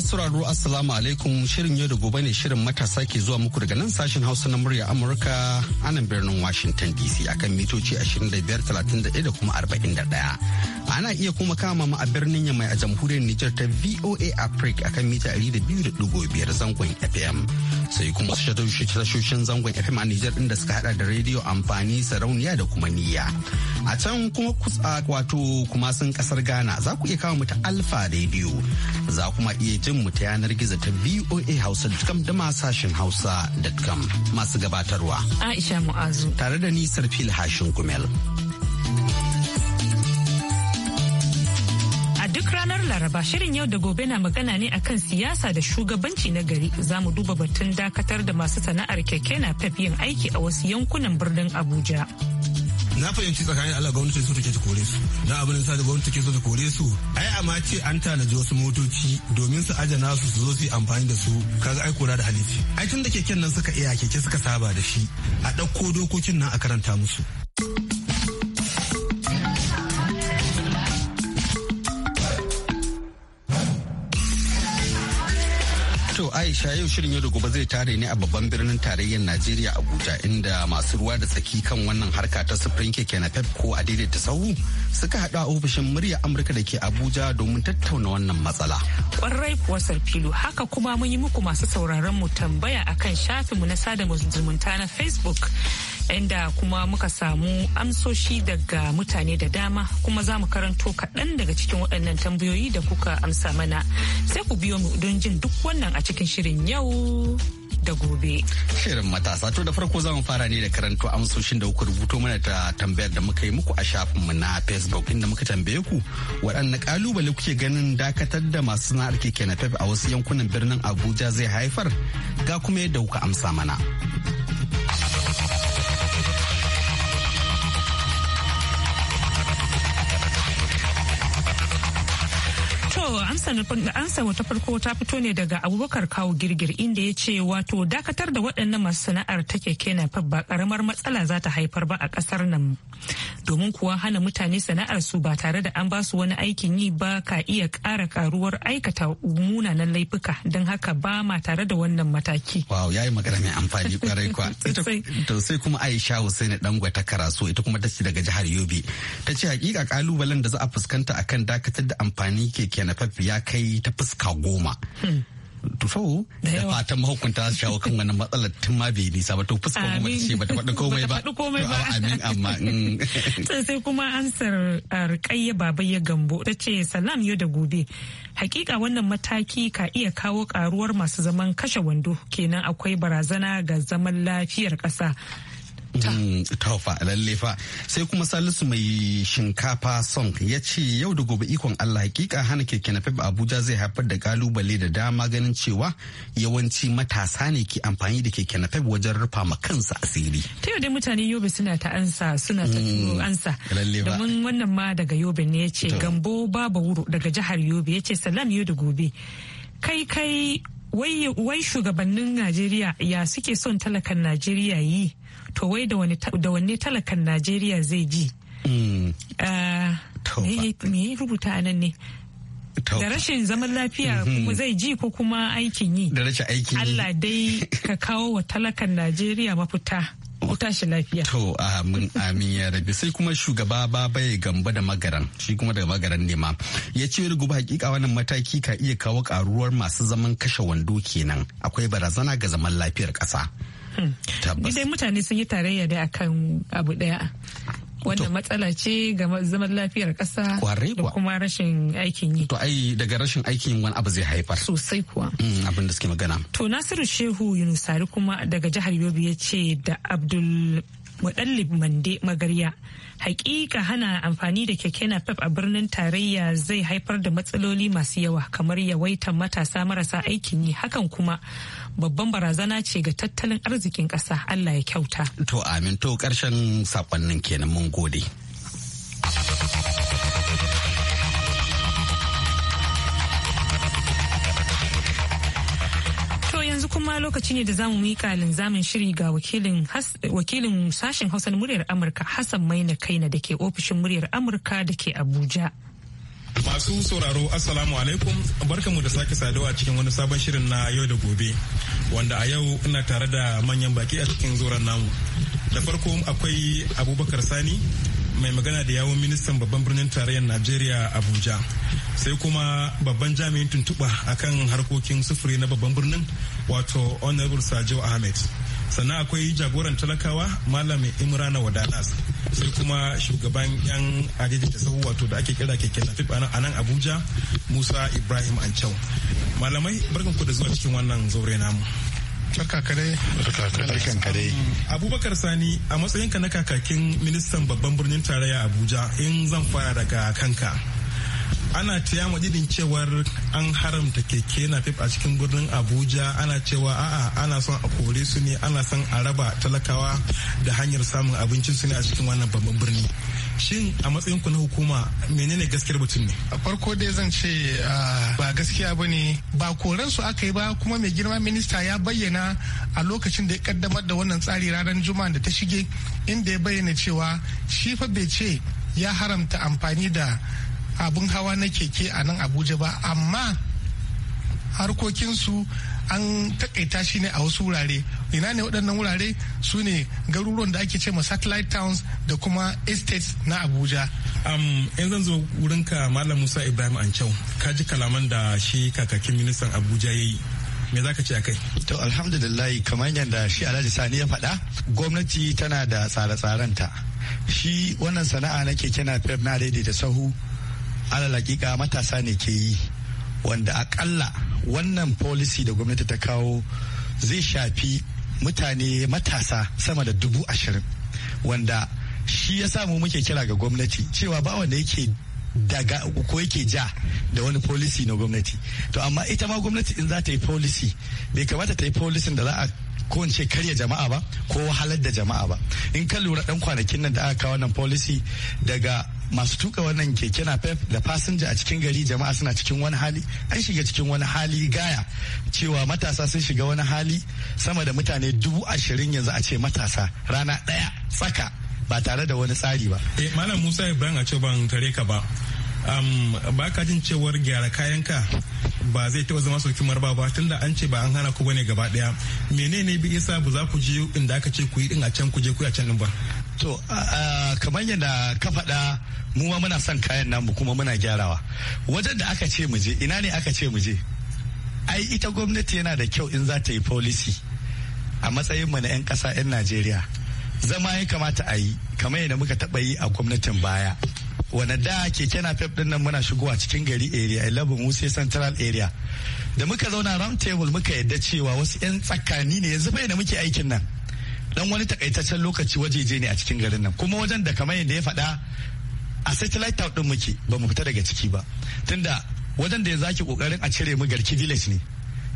masu sauraro assalamu alaikum shirin yau da gobe ne shirin matasa ke zuwa muku daga nan sashen hausa na murya amurka anan birnin washington dc akan mitoci 25 31 da kuma 41 ana iya kuma kama mu a birnin yamai a jamhuriyar Nijar ta VOA Africa akan mita 200.5 zangon FM. Sai kuma tashoshin zangon FM a Nijar inda suka hada da rediyo amfani sarauniya da kuma niyya. A can kuma kusa wato kuma sun kasar Ghana za ku iya kama mu ta Alpha Radio. Za kuma iya jin mu ta yanar gizo ta VOA hausa da ma hausa Hausa.com masu gabatarwa. Aisha Mu'azu. Tare da ni Sarfil Hashin Gumel. Duk ranar Laraba shirin yau da gobe na magana ne akan siyasa da shugabanci na gari. Za mu duba batun dakatar da masu sana'ar keke na yin aiki a wasu yankunan birnin Abuja. na fahimci tsakanin Allah gwamnati so take ta kore su na abin da sada gwamnati take so ta kore su ai amma ce an tanaji wasu motoci domin su aje nasu su zo su yi amfani da su kaga ai kora da halici ai tun da keken nan suka iya keke suka saba da shi a ɗauko dokokin nan a karanta musu Aisha yau shirin yau da gobe zai tare ne a babban birnin tarayyar Najeriya Abuja inda masu ruwa da tsaki kan wannan harka ta sufurin keke na pep ko a daidaita sahu suka haɗu a ofishin murya Amurka da ke Abuja domin tattauna wannan matsala. Kwarai kuwa Sarfilu haka kuma mun yi muku masu sauraron mu tambaya akan shafinmu na sada zumunta na Facebook. inda kuma muka samu amsoshi daga mutane da dama kuma za mu karanto kaɗan daga cikin waɗannan tambayoyi da kuka amsa mana sai ku biyo mu don jin duk wannan a cikin shirin yau da gobe. Shirin matasa to da farko za mu fara ne da karanto amsoshin da kuka rubuto mana ta tambayar da muka yi muku a shafinmu na Facebook inda muka tambaye ku waɗanne kalubale kuke ganin dakatar da masu sana'ar keke napep a wasu yankunan birnin Abuja zai haifar ga kuma yadda kuka amsa mana. amsa wata farko ta fito ne daga abubakar kawo girgir inda ya ce wato dakatar da waɗannan masu sana'ar ta keke napep ba karamar matsala za ta haifar ba a ƙasar nan domin kuwa hana mutane sana'ar su ba tare da an ba su wani aikin yi ba ka iya ƙara karuwar aikata munanan laifuka don haka ba ma tare da wannan mataki. Wow, ya yi magana mai amfani kwarai kwa. To sai kuma Aisha husaini Dangwa ta karaso ita kuma ta daga jihar Yobe. Ta ce hakika kalubalen da za a fuskanta akan dakatar da amfani keke na rigakafi ya kai ta fuska goma so da fatan mahukunta su shawo kan wannan matsalar tun ma bai nisa ba to fuskar kuma ce bata faɗi komai ba bata komai ba amin amma mm. sai kuma ansar rikayya baba ya gambo ta ce salam yau da gobe hakika wannan mataki ka iya kawo karuwar masu zaman kashe wando kenan akwai barazana ga zaman lafiyar ƙasa ta mm, fa lalle fa sai kuma salisu mai shinkafa song ya ce yau da gobe ikon allah hakika hana keke na abuja zai haifar da kalubale da dama ganin cewa yawanci matasa ne ke amfani da keke na wajen rufa ma kansa asiri ta yau dai mutane yobe suna ta ansa suna ta mm, ansa domin wannan ma daga yobe ne ya ce gambo babu wuro daga jihar yobe ya ce salam yau da gobe kai kai wai shugabannin najeriya ya suke son talakan najeriya yi to wai da wanne talakan najeriya zai ji hmm. eh, me rubuta a nan ne da rashin zaman lafiya hmm. kuma zai ji ko kuma aikin yi da rashin aikin yi Allah dai ka kawo wa talakan Najeriya mafita tashi lafiya to amin amin ya rabi sai kuma shugaba babaye gamba da magaran shi kuma da magaran nema ya ce ba hakika wannan mataki ka iya kawo karuwar masu zaman kashe wando kenan akwai barazana ga zaman lafiyar kasa hmm. tabbas dai mutane sun yi tarayya dai akan abu daya wannan matsala ce ga zaman lafiyar ƙasa da kuma rashin aikin yi. To ai daga rashin aikin wani abu zai haifar. Sosai kuwa. Mm, abin da suke magana. To Nasiru Shehu Yunusari kuma daga jihar Yobe ya ce da Abdul muɗallib mande magarya hakika hana amfani da keke napep a birnin tarayya zai haifar da matsaloli masu yawa kamar yawaitar matasa marasa aikin yi hakan kuma babban barazana ce ga tattalin arzikin ƙasa allah ya kyauta to amin to ƙarshen saƙonnin kenan mun gode kuma lokaci ne da zamu miƙa linzamin shiri ga wakilin sashen Hausa na muryar Amurka Hassan Maina Kaina da ke ofishin muryar Amurka da ke Abuja. Masu sauraro Assalamu alaikum mu da sake saduwa cikin wani sabon shirin na yau da gobe wanda a yau ina tare da manyan baki a cikin zoron namu. Da farko akwai Abubakar Sani mai magana da yawon ministan babban birnin tarayyar najeriya abuja sai kuma babban jami'in tuntuɓa akan harkokin sufuri na babban birnin wato honorable sajo ahmed sannan akwai jagoran talakawa malam imrana wadanas sai kuma shugaban yan adidita sahu wato da ake kira keke fiɓa a nan abuja musa ibrahim ancau malamai barkan ku da zuwa cikin wannan zaure namu Abubakar Sani a matsayinka na kakakin ministan babban birnin tarayya Abuja in zan fara daga kanka. ana ta yama didin cewar an haramta keke na a cikin birnin abuja ana cewa a'a ana son a kore su ne ana son a raba talakawa da hanyar samun abincin su ne a cikin wannan babban birni shin a matsayin ku na hukuma menene gaskiyar batun ne a farko dai zan ce ah, ba gaskiya ba ne ba koransu aka yi ba kuma mai girma minista ya bayyana a lokacin da ya kaddamar da wannan tsari ranar juma'a da ta shige inda ya bayyana cewa shi fa bai ce ya haramta amfani da abun hawa na keke a nan abuja ba amma harkokinsu an takaita shi ne a wasu wurare ina ne waɗannan wurare su ne garuruwan da ake ce ma satellite towns da kuma estates na abuja um, in zan zo wurinka malam musa ibrahim ancau ka ji kalaman da shi kakakin ministan abuja ya yi me za ka ce a kai? To alhamdulillah kamar yadda shi Alhaji Sani ya faɗa gwamnati tana da tsare-tsarenta. Shi wannan sana'a na keke na fiyar na daidai da sahu alalakika matasa ne ke yi. wanda akalla wannan policy da gwamnati ta kawo zai shafi mutane matasa sama da dubu ashirin wanda shi ya samu muke kira ga gwamnati cewa ba wanda yake daga ko yake ja da wani policy na gwamnati to amma ita ma gwamnati in za ta yi policy bai kamata ta yi policy da za a ko ce karya jama'a ba ko wahalar da jama'a ba in ka lura dan kwanakin nan da aka kawo nan policy daga masu tuka wannan keke na pep da fasinja a cikin gari jama'a suna cikin wani hali an shiga cikin wani hali gaya cewa matasa sun shiga wani hali sama da mutane dubu ashirin yanzu a ce matasa rana ɗaya tsaka ba tare da wani tsari ba. Eh, Malam Musa Ibrahim a ce ban kare ka ba. Um, ba ka jin cewar gyara kayanka ba zai taɓa zama sauki marba ba tunda an ce ba an hana ku bane gaba ɗaya menene bi isa ba za ku je inda aka ce ku yi din a can ku je ku a can din ba to kamar yadda ka faɗa mu ma muna son kayan namu kuma muna gyarawa wajen da aka ce muje ina ne aka ce muje. ai ita gwamnati yana da kyau in za ta yi policy a matsayin mu na 'yan ƙasa 'yan najeriya zama ya kamata a yi kamar yadda muka taɓa yi a gwamnatin baya Wane da keke na pep din nan muna shigowa cikin gari area 11 musa central area da muka zauna round table muka yadda cewa wasu 'yan tsakani ne yanzu bai da muke aikin nan dan wani takaitaccen lokaci wajeje ne a cikin garin nan kuma wajen da kamar yadda ya faɗa a satellite town din muke ba mu fita daga ciki ba tunda wajen da ya zaki kokarin a cire mu garki village ne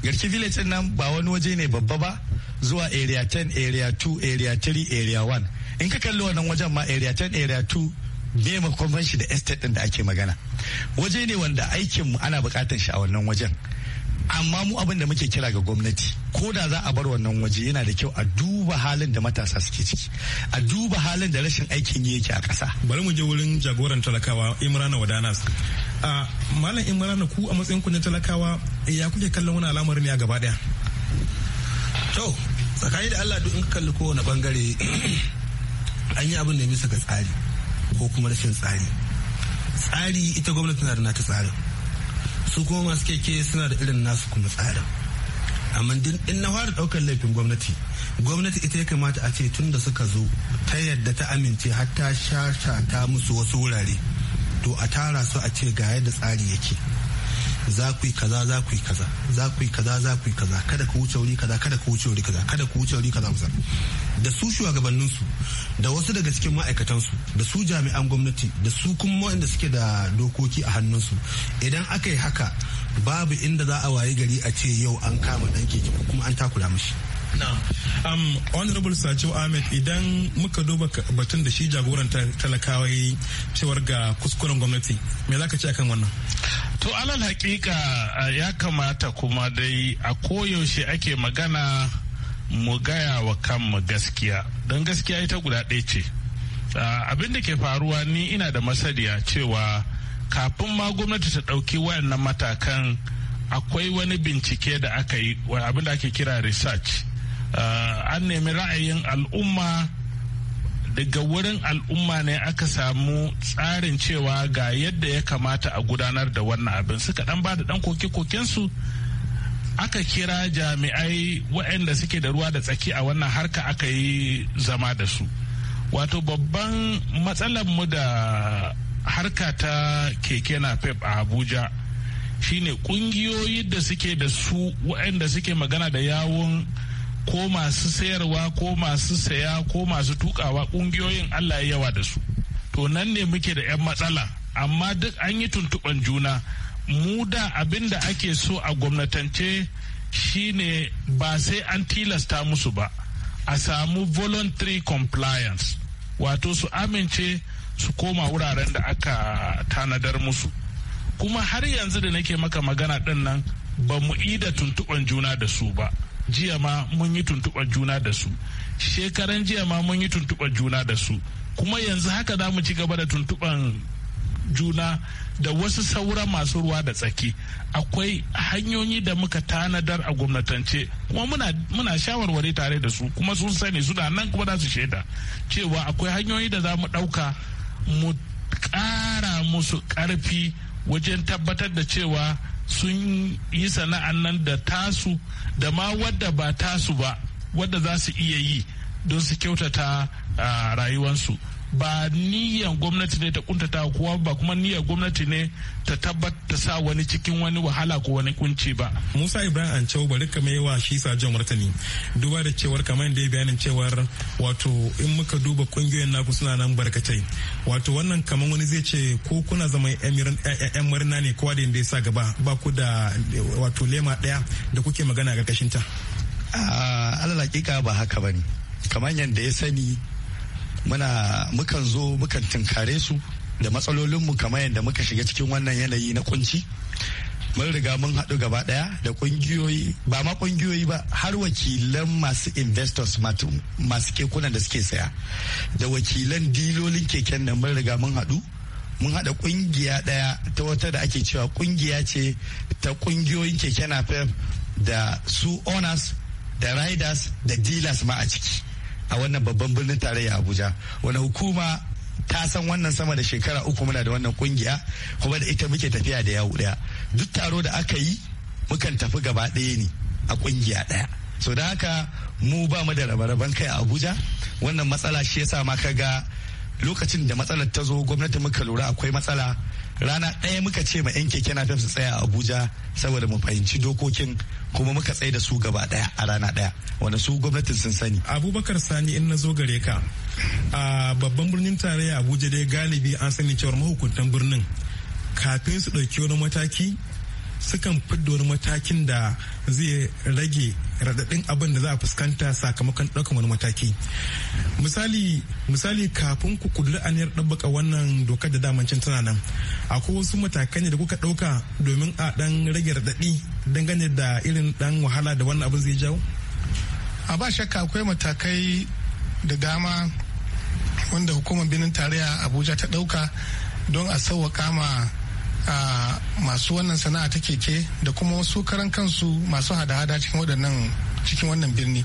garki village din nan ba wani waje ne babba ba zuwa area 10 area 2 area 3 area 1 in ka kalli wannan wajen ma area 10 area 2 ne makon shi da estate din da ake magana waje ne wanda aikin mu ana bukatar shi a wannan wajen amma mu abin da muke kira ga gwamnati ko da za a bar wannan waje yana da kyau a duba halin da matasa suke ciki a duba halin da rashin aikin yi yake a ƙasa bari mu je wurin jagoran talakawa imrana wadanas a malam imrana ku a matsayin ku talakawa ya kuke kallon wani alamar ne a gaba daya to tsakani da Allah duk in kalli kowane bangare an yi abin da bisa ga tsari ko kuma rashin tsari tsari ita gwamnati na da nata tsarin su kuma masu keke suna da irin nasu kuma tsarin amma in na fara daukar laifin gwamnati gwamnati ita ya kamata a ce tun da suka zo ta yadda ta amince har ta shata musu wasu wurare to a tara su a ce ga yadda tsari yake za ku yi kaza za ku yi kaza za ku yi kaza za ku yi kaza kada ku wuce wuri kaza kada ku wuce wuri kaza kada ku wuce wuri kaza musar da su shugabannin su da wasu daga cikin ma'aikatan su da su jami'an gwamnati da su kuma waɗanda suke da dokoki a hannun su idan aka yi haka babu inda za a wayi gari a ce yau an kama dan keke kuma an takura mashi No. Um, honorable Sajo Ahmed idan muka duba batun da shi jagoran talakawa cewar ga kuskuren gwamnati me za ka ce akan wannan? To alal hakika ya kamata kuma dai a koyaushe ake magana mu gaya wa kanmu gaskiya don gaskiya ita guda ɗaya ce. Abin da ke faruwa ni ina da masaniya cewa kafin ma gwamnati ta ɗauki wayannan matakan akwai wani bincike da aka yi abin da ake kira research. An nemi ra'ayin al'umma. daga wurin al'umma ne aka samu tsarin cewa ga yadda ya kamata a gudanar da wannan abin suka dan ba da dan koke-kokensu aka kira jami'ai waɗanda suke da ruwa da tsaki a wannan harka aka yi zama da su wato babban matsalar mu da harka ta keke pep a abuja shine kungiyoyi da suke da su waɗanda suke magana da yawon ko masu sayarwa ko masu saya ko masu tukawa kungiyoyin allah ya yawa da su to nan ne muke da 'yan matsala amma duk an yi tuntuɓan juna mu da abin da ake so a gwamnatance shine ba sai an tilasta musu ba a samu voluntary compliance wato su amince su koma wuraren da aka tanadar musu kuma har yanzu da nake maka magana ɗin nan ba mu ida tuntuɓan juna da su ba jiya ma mun yi tuntuɓar juna da su shekaran jiya ma mun yi tuntuɓar juna da su kuma yanzu haka za mu ci gaba da tuntuɓan juna da wasu sauran masu ruwa da tsaki akwai hanyoyi da muka tanadar a gwamnatance kuma muna, shawarware shawarwari tare da su kuma sun sani suna nan kuma za su shaida cewa akwai hanyoyi da za mu ɗauka mu ƙara musu ƙarfi wajen tabbatar da cewa sun yi sana'an nan da tasu da ma wadda ba tasu ba wadda za su iya yi don su kyautata ah, rayuwarsu. ba niyan gwamnati ne ta kuntata kowa ba kuma niyan gwamnati ne ta tabbata sa wani cikin wani wahala ko wani kunci ba. Musa Ibrahim Ancau bari ka mai wa shi sa Jan martani duba da cewar kamar da ya bayanin cewar wato in muka duba kungiyoyin naku suna nan barkatai wato wannan kamar wani zai ce ko kuna zama yan eh, eh, murna ne kowa da ya sa gaba ba ku da wato lema daya da kuke magana a ƙarƙashin ta. Allah ah, ba haka bane kamar yadda ya sani muna mukan zo mukan tunkare su da matsalolinmu kamar yadda muka shiga cikin wannan yanayi na kunci mun riga mun haɗu gaba ɗaya da ƙungiyoyi ba ma ƙungiyoyi ba har wakilan masu investors masu kekunan da suke saya da wakilan dilolin keken nan mun riga mun haɗu mun haɗa ƙungiya ɗaya ta wata da ake cewa ƙungiya ce ta ƙungiyoyin keke napep da su owners da riders da dealers ma a ciki a wannan babban birnin tarayya abuja wani hukuma ta san wannan sama da shekara uku muna da wannan kungiya kuma da ita muke tafiya da yawu daya duk taro da aka yi mukan tafi gaba ɗaya ne a kungiya ɗaya so da haka mu ba mu da rabe-raben kai a abuja wannan matsala shi yasa ma ka ga lokacin da matsalar ta zo gwamnati muka lura akwai matsala rana ɗaya muka ce ma 'yan keke napep su tsaya a abuja saboda mu fahimci dokokin kuma muka tsaye da su gaba ɗaya a rana ɗaya wanda su gwamnatin sun sani abubakar sani in na zo gare ka a babban birnin tarayya abuja dai galibi an sani cewar mahukuntan birnin kafin su ɗauki wani mataki sukan fidda wani matakin da zai rage radadin abin da za a fuskanta sakamakon ɗaukan wani mataki misali kafin ku kudura aniyar ɗabbaka wannan dokar da damancin tana nan akwai wasu matakai da kuka ɗauka domin a dan rage raɗaɗi dangane da irin ɗan wahala da wannan abin zai jawo a ba shakka akwai matakai da dama wanda hukumar binin tarayya abuja ta ɗauka don a sauwaƙa ma masu wannan sana'a ta keke da kuma wasu karan kansu masu hada-hada cikin waɗannan cikin wannan birni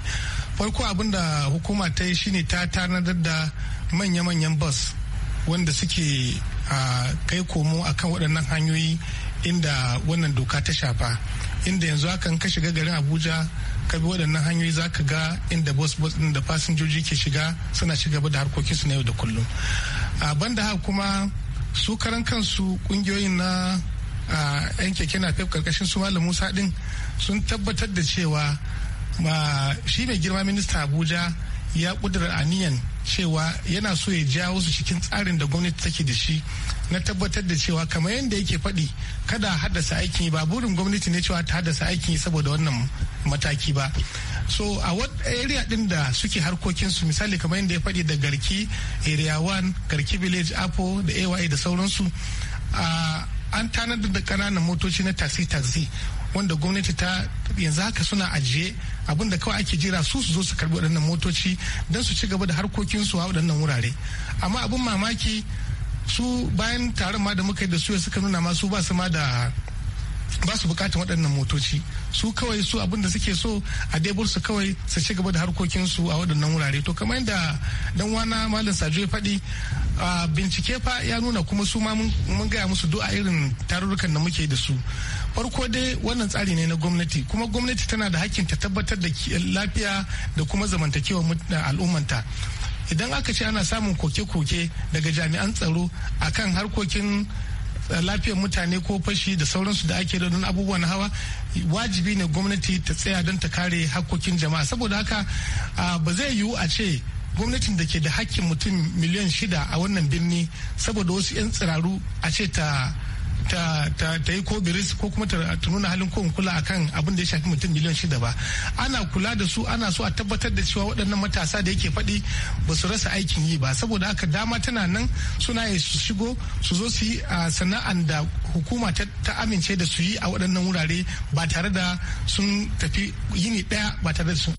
farko abin da hukuma ta yi shine ta tanadar da manya-manyan bus wanda suke kai komo akan waɗannan hanyoyi inda wannan doka ta shafa inda yanzu akan ka shiga garin abuja ka bi waɗannan hanyoyi za ka ga inda bus bus ɗin da fasinjoji ke shiga suna shiga da harkokinsu na yau da kullum a banda haka kuma su karan kansu kungiyoyin na yan keke na fef karkashin su malam musa din sun tabbatar da cewa ma shi mai girma minista abuja ya kudura aniyan cewa yana so ya ja wasu cikin tsarin da gwamnati take da shi na tabbatar da cewa kamar yadda yake faɗi kada haddasa aikin ba burin gwamnati ne cewa ta haddasa aikin saboda wannan mataki ba so a wat area din da suke harkokin su misali kamar yadda ya faɗi da garki area one garki village apple da ay da sauransu an tanadar da ƙananan motoci na taxi taxi wanda gwamnati ta yanzu haka suna ajiye da kawai ake jira su su zo su karbi waɗannan motoci don su ci gaba da harkokinsu a waɗannan wurare amma abin mamaki su bayan taron ma da muka yi da su suka nuna ma su ba su ma da ba su bukatan waɗannan motoci su kawai su abin da suke so a debur su kawai su ci gaba da harkokinsu a waɗannan wurare to kamar yadda dan wana malam sajo ya faɗi bincike fa ya nuna kuma su ma mun gaya musu duk a irin tarurrukan da muke da su farko dai wannan tsari ne na gwamnati kuma gwamnati tana da hakkin ta tabbatar da lafiya da kuma zamantakewar al'ummanta idan aka ce ana samun koke-koke daga jami'an tsaro akan harkokin lafiyar mutane ko fashi da sauransu da ake don abubuwan hawa wajibi ne gwamnati ta tsaya don ta kare hakkokin jama'a saboda haka ba zai yiwu a ce gwamnatin da ke da hakkin mutum miliyan shida a wannan birni saboda wasu 'yan tsiraru a ce ta ta ta yi ko biris ko kuma ta nuna halin ko kula akan abin da ya shafi mutum miliyan shida ba ana kula da su ana so a tabbatar da cewa waɗannan matasa da yake faɗi ba su rasa aikin yi ba saboda haka dama tana nan suna yi su shigo su zo su yi sana'an da hukuma ta amince da su yi a waɗannan wurare ba tare da sun tafi yini ɗaya ba tare da sun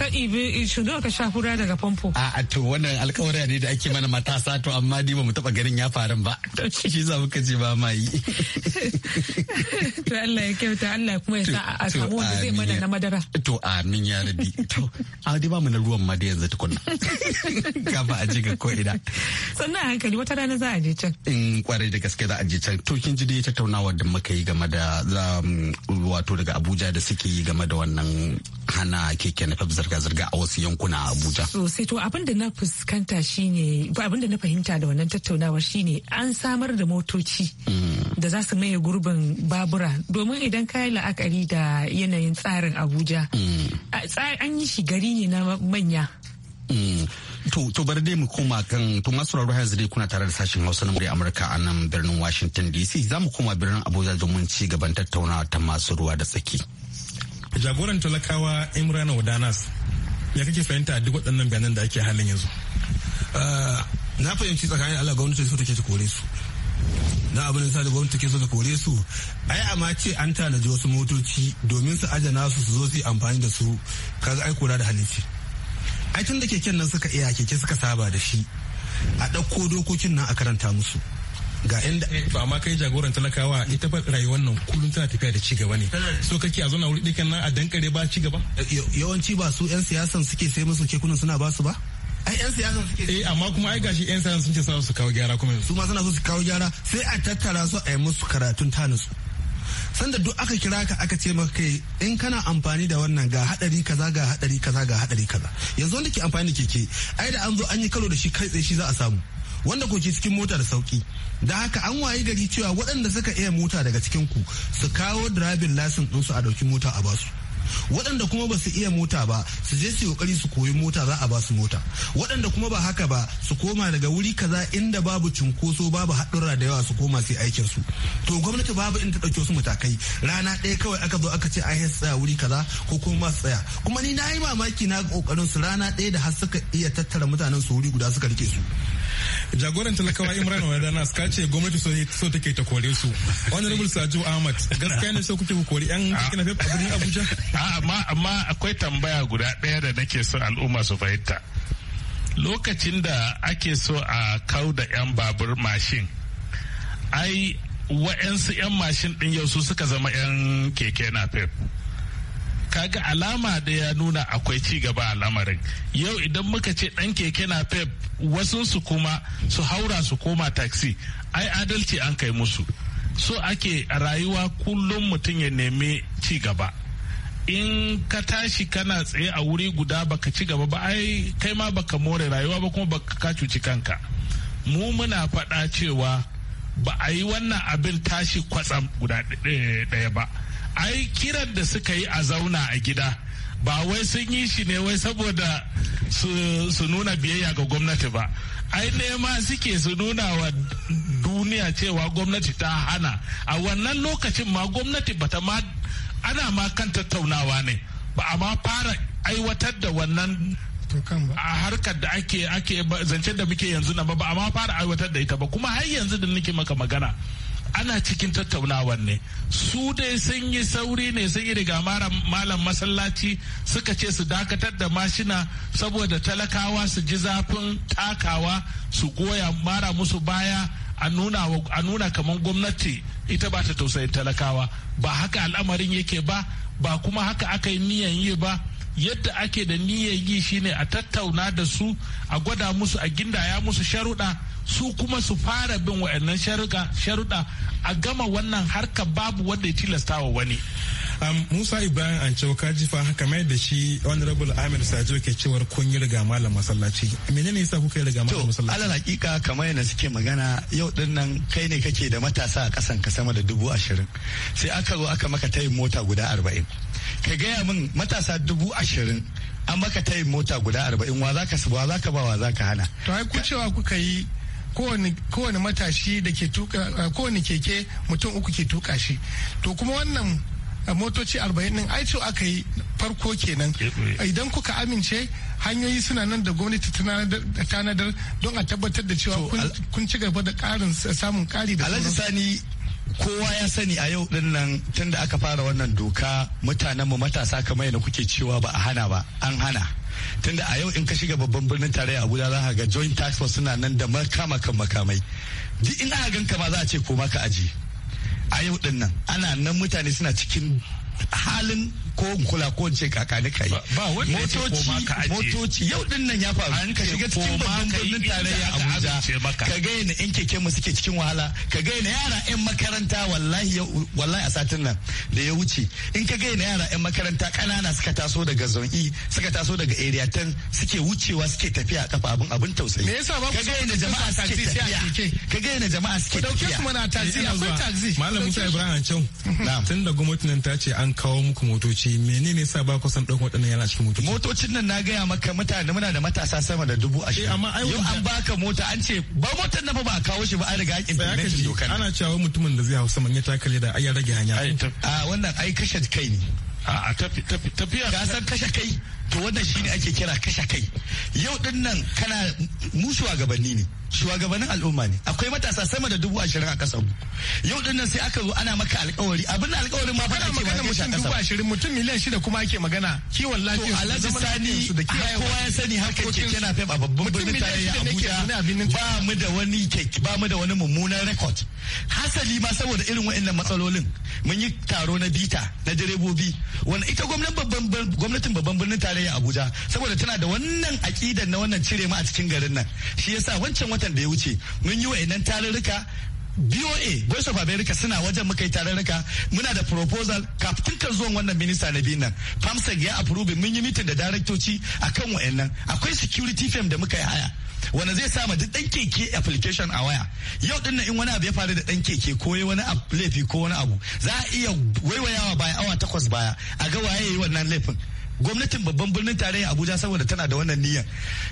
ka ibi nawa ka sha hura daga famfo a to wannan alkawari ne da ake mana matasa to amma dai ba mu taba ganin ya faru ba shi za mu ce ba ma yi to Allah ya kyauta Allah kuma ya sa a samu wanda zai mana na madara to amin ya rabi to a dai ba mu na ruwan ma da yanzu tukunna ba a ji ga ko ina sannan hankali wata rana za a je can in kwarai da gaske za a je can to kin ji dai tattaunawar da muka yi game da wato daga Abuja da suke yi game da wannan hana keke na fabzar zirga-zirga a wasu yankuna a Abuja. Sosai to abin da na fuskanta shine abin da na fahimta da wannan tattaunawar shine an samar da motoci da za su maye gurbin babura domin idan ka yi la'akari da yanayin tsarin Abuja. An yi shi gari ne na manya. Mm. To, bari dai mu koma kan to masu raro yanzu dai kuna tare da sashen Hausa na Amurka a nan birnin Washington DC za mu koma birnin Abuja domin ci gaban tattaunawa ta masu ruwa da tsaki. jagoran talakawa imran wadanas ya kake fahimta duk waɗannan bayanan da ake halin yanzu ah, na fahimci tsakanin allah gwamnati so take ta kore su na abin da da gwamnati ke so ta kore su ai amma ce an tanaji wasu motoci domin su ajana su su zo su yi amfani da su ka ai kura da halitti ai tun da keken nan suka iya keke suka saba da shi a ɗauko dokokin nan a karanta musu ga inda to amma kai jagoran talakawa ita fa rayuwar nan kullum tana tafiya da cigaba ne so kake a na wuri dikan nan a dankare ba cigaba yawanci ba su yan siyasan suke sai musu kekunan suna ba su ba ai yan siyasan suke eh amma kuma ai gashi yan siyasan sun ce su kawo gyara kuma su ma suna so su kawo gyara sai a tattara su a yi musu karatun tanus sanda duk aka kira ka aka ce maka kai in kana amfani da wannan ga hadari kaza ga hadari kaza ga hadari kaza yanzu wanda ke amfani da keke ai da an zo an yi kalo da shi kai tsaye shi za a samu wanda ko ke cikin mota da sauki da haka an wayi gari cewa waɗanda suka iya mota daga cikin ku su kawo drabin lasin ɗinsu a ɗauki mota a basu waɗanda kuma ba su iya mota ba su je su yi su koyi mota za a ba su mota waɗanda kuma ba haka ba su koma daga wuri kaza inda babu cunkoso babu haɗurra da yawa su koma su aikin su to gwamnati babu in ta ɗauke wasu matakai rana ɗaya kawai aka zo aka ce ai tsaya wuri kaza ko kuma su tsaya kuma ni na yi mamaki na kokarin su rana ɗaya da har suka iya tattara mutanen su wuri guda suka rike su jagoran talakawa imran dana suka ce gwamnati so take ta kore su rubul sajo ahmad gaskiya ne so kuke ku kori yan burkina ah. faso a birnin abuja ah, amma amma akwai tambaya guda ɗaya da nake so al'umma su fahimta lokacin da ake so a kau da yan babur mashin ai wa'yansu yan mashin ɗin yau su suka zama yan keke napep kaga alama da ya nuna akwai ci gaba a lamarin yau idan muka ce dan keke na pep wasu su kuma su haura su koma taxi ai adalci an kai musu so ake rayuwa kullum mutum ya nemi ci gaba in ka tashi kana tsaye a wuri guda baka ci gaba ba ai kai ma baka more rayuwa ba kuma baka ka cuci kanka mu muna faɗa cewa ba a yi wannan abin tashi kwatsam guda eh, ɗaya ba ai kiran da suka yi a zauna a gida ba wai sun yi shi ne wai saboda su nuna biyayya ga gwamnati ba ai nema suke su nuna wa duniya cewa gwamnati ta hana a wannan lokacin ma gwamnati bata ma ana ma kan tattaunawa ne ba a ma fara aiwatar da wannan a harkar da ake ake zancen da muke yanzu na ba ba a ma fara aiwatar da ita ba kuma har yanzu da nake maka magana ana cikin tattaunawar ne su dai sun yi sauri ne sun yi riga malam masallaci suka ce su dakatar da mashina saboda talakawa su ji zafin takawa su goya mara musu baya a nuna kamar gwamnati ita ba ta tausayin talakawa ba haka al'amarin yake ba ba kuma haka aka yi niyan yi ba yadda ake da niyan yi shine a tattauna da su a gwada musu a gindaya musu sharuɗa su kuma su fara bin wa'annan sharuɗa a gama wannan harka babu wanda ya tilasta wa wani um, musa ibrahim jifa haka mai da shi honorable amir sajo ke cewar kun yi riga malam masallaci menene yasa kuka yi riga malam masallaci alal hakika kamar yadda suke magana yau din nan kai ne kake da matasa a kasan ka sama da dubu ashirin sai aka zo aka maka tayin mota guda arba'in ka gaya min matasa dubu ashirin an maka tayin mota guda arba'in wa za wa ba wa za ka hana to ai ku cewa kuka yi kowane matashi da ke tuka kowane keke mutum uku ke tuka shi to kuma wannan motoci arba'in din aico aka yi farko kenan idan kuka amince hanyoyi suna nan da gwamnati ta tanadar don a tabbatar da cewa kun ci gaba da karin samun kari da sani kowa ya sani a yau din nan tun da aka fara wannan doka mutanenmu matasa kamar yadda kuke cewa ba a hana ba an hana tunda a yau in ka shiga babban birnin tarayya abuja za ka ga joint tax force suna nan da makamakan makamai duk ina gan ka ma za a ce koma ka aji a yau din nan ana nan mutane suna cikin halin ko kula ko ce kaka ne kai motoci motoci yau din nan ya faru ka shiga cikin babban birnin tarayya Abuja ka ga yana yan keke mu suke cikin wahala ka ga yana yara yan makaranta wallahi wallahi a satin nan da ya wuce in ka ga yana yara yan makaranta kanana suka taso daga zon'i suka taso daga area tan suke wucewa suke tafiya kafa abin abin tausayi me yasa ba ku ga yana jama'a suke tafiya ka ga yana jama'a suke tafiya dauke su mana taxi eh, akwai taxi malam Musa Ibrahim can tun da gwamnatin ta ce an kawo muku motoci motoci menene sa ba kusan ɗaukar waɗannan yana cikin motoci motocin nan na gaya maka mutane muna da matasa sama da dubu ashirin eh, amma yau an baka mota an ce ba motar na fa ba a kawo shi ba an riga an implement dokar ana cewa mutumin da zai hau saman ya takale da ai ya rage hanya a ah, wannan ai kashe kai ne a tafiya ka san kashe kai to wannan shi ne ake kira kashe kai yau din nan kana mu shugabanni ne shugabannin al'umma ne akwai matasa sama da dubu ashirin a kasar mu yau din nan sai aka zo ana maka alkawari abin alkawarin ma fara ake magana mutum dubu ashirin mutum miliyan shida kuma ake magana kiwon lafiya su alhaji sani da kowa ya sani haka ke kena fai a babban birnin tarayya Abuja ba mu da wani ba mu da wani mummunan record hasali ma saboda irin wa'annan matsalolin mun yi taro na bita na direbobi wanda ita gwamnatin babban birnin tarayya tarayya Abuja saboda tana da wannan aƙidan na wannan cire mu a cikin garin nan shi yasa wancan watan da ya wuce mun yi wa'annan tarurruka BOA Voice of America suna wajen muka yi tarurruka muna da proposal kafin kan zuwan wannan minista na biyu nan FAMSEC ya approve mun yi meeting da daraktoci akan wa'annan akwai security firm da muka yi haya wanda zai sa duk dan keke application a waya yau din in wani abu ya faru da dan keke ko wani laifi ko wani abu za a iya waiwayawa baya awa takwas baya a ga waye yi wannan laifin gwamnatin babban birnin tarayyar abuja saboda tana da wannan niyyar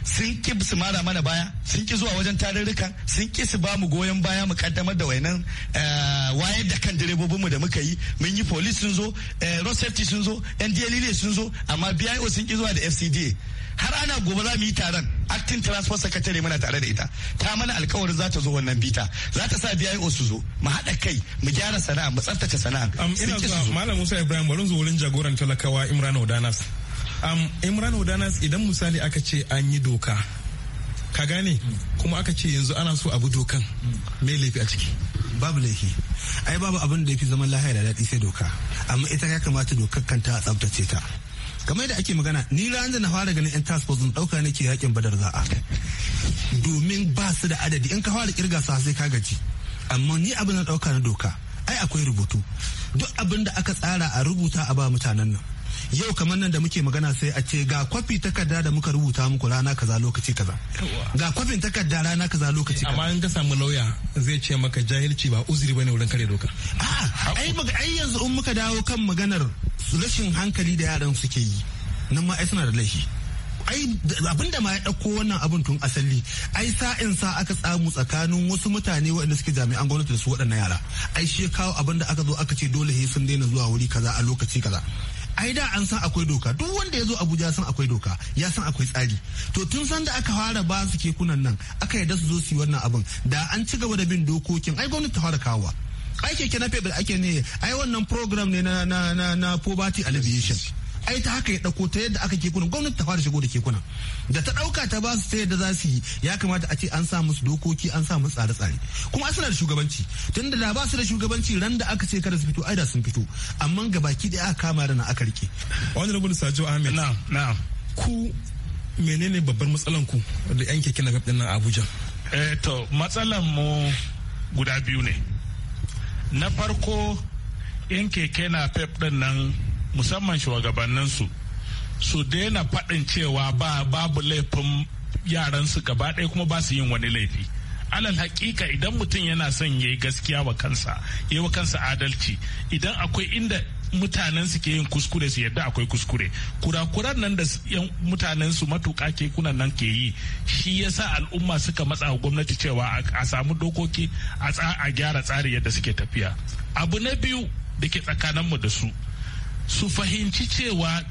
sun ki su mara mana baya sun ki zuwa wajen tarurruka sun ki su ba mu goyon baya mu kaddamar da wainan eh, wayar da kan direbobinmu da muka yi mun yi police sun zo eh, road safety sun zo yan e sun zo amma bio sun ki zuwa da fcda har ana gobe za mu yi taron acting transport secretary mana tare da ita ta mana alkawarin za ta zo wannan bita za ta sa bio su zo mu haɗa kai mu gyara sana'a mu tsaftace sana'a. ina zuwa malam musa ibrahim bari zo wurin jagoran talakawa imran odanas um, imran wadanas idan misali aka ce an yi doka ka gane kuma aka ce yanzu ana so abu dokan me laifi a ciki babu laifi ai babu abin da ya fi zaman lahiya da daɗi sai doka amma ita ya kamata dokar kanta a tsabtace ta kamar yadda ake magana ni ran da na fara ganin yan task force dauka nake yakin badar za'a domin ba su da adadi in ka fara kirga su sai ka gaji amma ni abin na dauka na doka ai akwai rubutu duk abin da aka tsara a rubuta a ba mutanen nan yau kamar nan da muke magana sai a ce ga kwafi takarda da muka rubuta muku rana kaza lokaci kaza ga kwafin takarda rana kaza lokaci kaza amma in ka samu lauya zai ce maka jahilci ba uzuri bane wurin kare doka ah, a ai yanzu in muka dawo kan maganar rashin hankali da yaran suke yi nan ma ai suna da laifi ai abin da ma ya dauko wannan abin tun asali ai sa'in sa aka tsamu tsakanin wasu mutane waɗanda suke jami'an gwamnati da su waɗannan yara ai shi kawo abin da aka zo aka ce dole he sun daina zuwa wuri kaza a lokaci kaza ai da an san akwai doka duk wanda ya zo abuja san akwai doka ya san akwai tsari to tun san da aka fara ba su kekunan nan aka yarda su zo su yi wannan abin da an ci gaba da bin dokokin ai gwamnati ta fara kawowa ai keke na da ake ne ai wannan program ne na na na, na poverty alleviation ai ta haka ya dauko ta yadda aka kekuna gwamnati ta fara shigo da kekuna da ta dauka ta ba su ta yadda za su yi ya kamata a ce an sa musu dokoki an sa musu tsare-tsare kuma suna da shugabanci tunda da ba su da shugabanci ran da aka ce kada su fito ai da sun fito amma gabaki da aka kama rana aka rike Wani honorable sajo ahmed Na na. ku menene babbar matsalan ku da yan keke na gabdin nan abuja eh to matsalan mu guda biyu ne na farko yan keke na din nan musamman shugabanninsu su daina faɗin cewa ba babu laifin yaransu gaba ɗaya kuma ba su yin wani laifi alal hakika idan mutum yana son ya yi gaskiya wa kansa ya wa kansa adalci idan akwai inda mutanen su ke yin kuskure su yadda akwai kuskure kurakuran nan da yan mutanen su matuƙa ke kekunan nan ke yi shi yasa al'umma suka matsa gwamnati cewa a samu dokoki a gyara tsari yadda suke tafiya abu na biyu da ke mu da su su fahimci cewa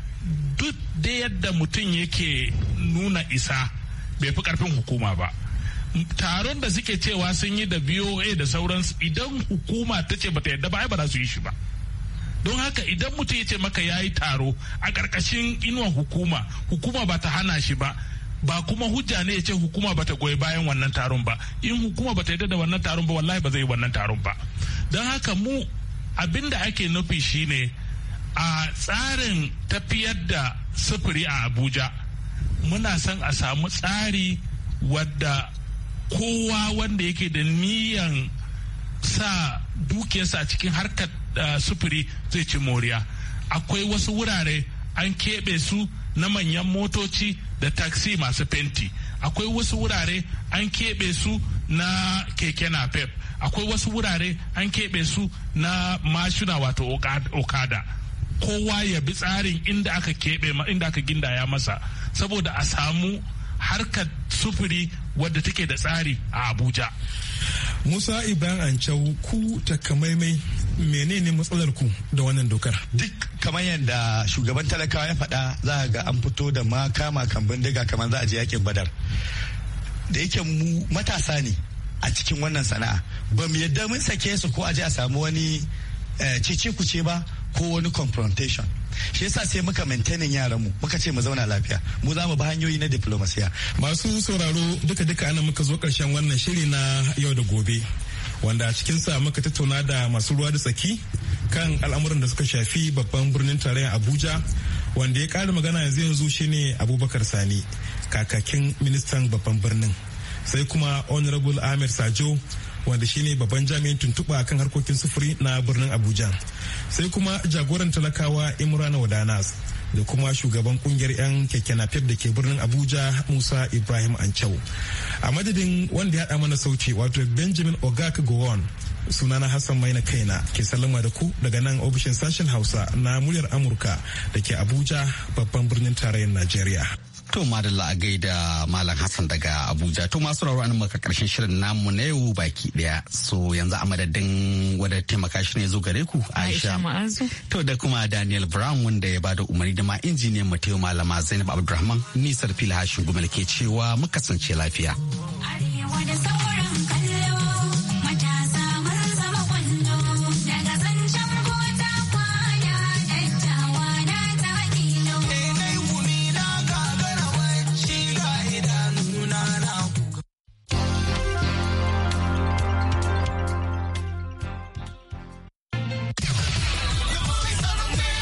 duk da yadda mutum yake nuna isa bai fi karfin hukuma ba taron da suke cewa sun yi da boa da sauransu idan hukuma ta ce bata yadda ba ai ba za su yi shi ba don haka idan mutum ya ce maka ya yi taro a ƙarƙashin inuwan hukuma hukuma ba ta hana shi ba ba kuma hujja ne ya ce hukuma ba ta goyi bayan wannan taron ba in hukuma ba ta yadda da wannan taron ba wallahi ba zai yi wannan taron ba don haka mu abinda da ake nufi shine a tsarin tafiyar da sufuri a abuja muna son a samu tsari wadda kowa wanda yake da niyan sa dukiyarsa a cikin harkar sufuri zai ci moriya akwai wasu wurare an keɓe su na manyan motoci da taxi masu fenti akwai wasu wurare an keɓe su na keke napep akwai wasu wurare an keɓe su na mashina wato okada kowa ya bi tsarin inda aka keɓe inda aka gindaya masa saboda a samu harkar sufuri wadda take da tsari a abuja musa ibrahim ancau ku takamaimai menene matsalar ku da wannan dokar duk kamar yadda shugaban talakawa ya faɗa za a ga an fito da ma kama kan bindiga kamar za a je yakin badar da yake mu matasa ne a cikin wannan sana'a ba mu yadda mun sake su ko a je a samu wani eh, cece kuce ba ko wani confrontation shi yasa sai muka maintaining yaran mu muka ce mu zauna lafiya mu za mu bi hanyoyi na diplomasiya masu sauraro duka duka ana muka zo karshen wannan shiri na yau da gobe wanda a cikinsa muka tattauna da masu ruwa da tsaki kan al'amuran da suka shafi babban birnin tarayyar abuja wanda ya kara magana yanzu yanzu shine abubakar sani kakakin ministan babban birnin sai kuma honorable ahmed sajo wanda shine babban jami'in tuntuɓa kan harkokin sufuri na birnin abuja sai kuma jagoran talakawa imrana wadanas da kuma shugaban kungiyar 'yan keke napep da ke birnin abuja musa ibrahim ancau a madadin wanda ya haɗa mana sauti wato benjamin ogak gowon sunana hassan maina kaina ke salama da ku daga nan ofishin sashen hausa na muryar amurka da ke abuja babban birnin tarayyar najeriya To madalla a gaida Malam Hassan daga Abuja. To masu rawar an maka karshen shirin namu na yau baki daya. So yanzu a madadin wadda taimaka shi ne zo gare ku Aisha. To da kuma Daniel Brown wanda ya bada umarni da ma injiniyan mu malama Zainab Abdulrahman ni Sarfil Hashin Gumal ke cewa muka kasance lafiya. Arewa da